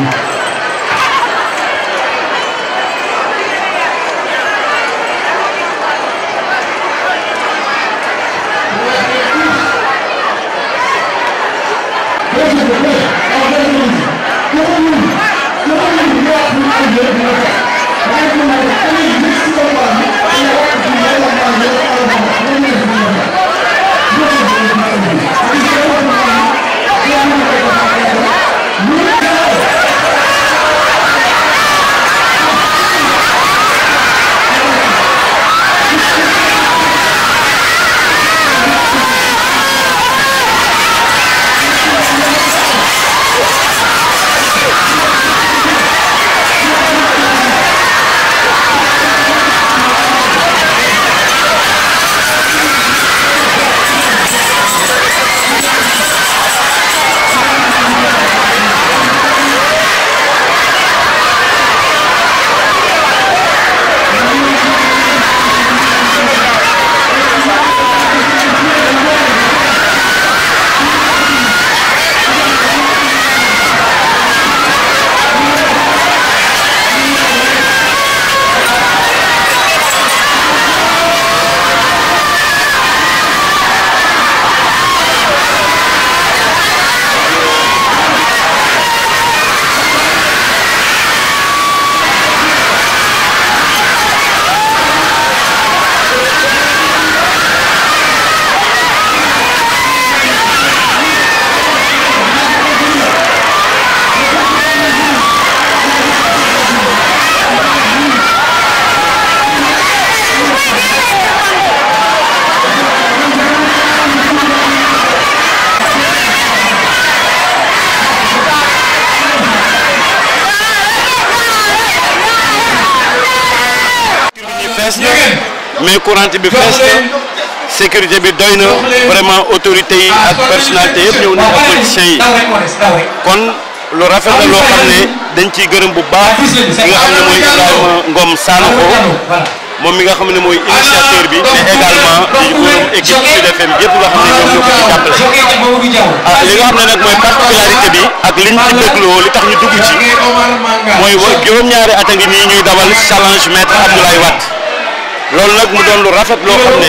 Thank you. fees na mais courant bi fees na sécurité bi doy na vraiment autorité yi ak personnalité yëpp ñëw nañ ak politiciens yi kon lu rafet la loo xam ne dañ ciy gërëm bu baax ki nga xam ne mooy Ibrahima Ngom Sanokho moom mi nga xam ne mooy initiateur bi mais également di gërëm équipe nga xam ne ñoom ñoo koy jàppale ah li nga xam ne nag mooy particularité bi ak liñ ci dégloo li tax ñu dugg ci mooy juróom-ñaari at a ngi nii ñuy dawal challenge maître Abdoulaye Wade loolu nag mu doon lu rafet loo xam ne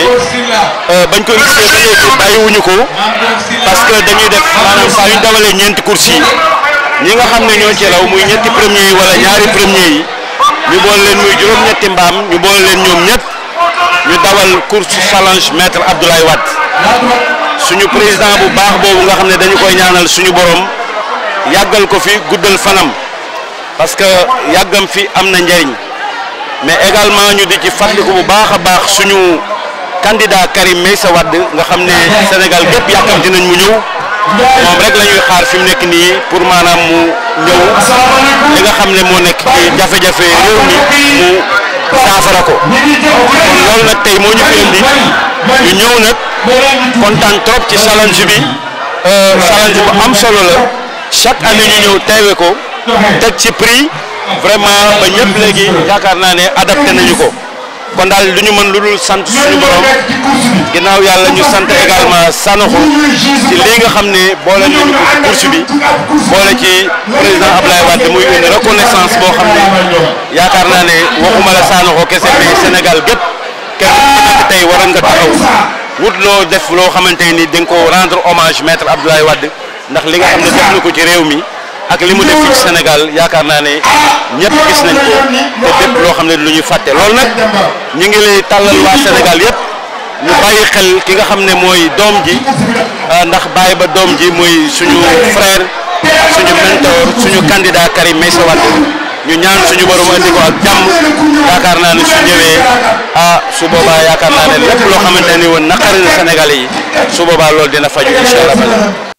euh, bañ koy gisee ba léegi bàyyiwuñu ko parce que dañuy def maanaam saa ñu dawalee ñeenti courses yi ñi nga xam ne ñoo ci raw muy ñetti premier yi wala ñaari premier yi ñu boole leen muy juróom-ñetti mbaam ñu boole leen ñoom ñett ñu dawal course challenge maître Abdoulaye Wade suñu président bu baax boobu nga xam ne dañu koy ñaanal suñu borom yàggal ko fi guddal fanam parce que yàggam fi am na njëriñ. mais également ñu di ci fàttaliku bu baax a baax suñu candidat Karim Meïssa Wade nga xam ne Sénégal gépp yàkkamti nañ mu ñëw moom rek la xaar fi mu nekk nii pour maanaam mu ñëw li nga xam ne moo nekk ci jafe-jafe réew mi mu saafara ko kon nag tey moo ñu fi indi ñu ñëw nag kontaan trop ci challenge bi euh, challenge bu am solo la chaque année ñu ñëw teewe ko teg ci prix vraiment ba ñëpp léegi yaakaar naa ne adapté nañu ko kon daal lu ñu mën lu dul sant suñu borom ginnaaw yàlla ñu sant également Sanoxo ci lii nga xam ne boole ñu ko bi boole ci président Ablaye Wade muy une reconnaissance boo xam ne yaakaar naa ne waxuma la Sanoxo kese mais Sénégal gépp kenn tey waroon nga taxaw wut loo def loo xamante ni da nga ko rendre hommage maître Abdoulaye Wade ndax li nga xam ne def na ko ci réew mi. ak li mu def ci Sénégal yaakaar naa ne ñëpp gis nañ ko te bépp loo xam ne lu ñu fàtte loolu nag ñu ngi lay tàllal waa Sénégal yëpp ñu bàyyi xel ki nga xam ne mooy doom ji euh, ndax bàyyi ba doom ji mooy suñu frère suñu mentor suñu candidat Karim Meïssa Wade ñu ñaan suñu borom andi ko ak jàmm yaakaar naa ne su ñëwee ah su boobaa yaakaar naa ne lépp loo xamante ni woon naqari na Sénégalais yi su boobaa loolu dina faju incha allah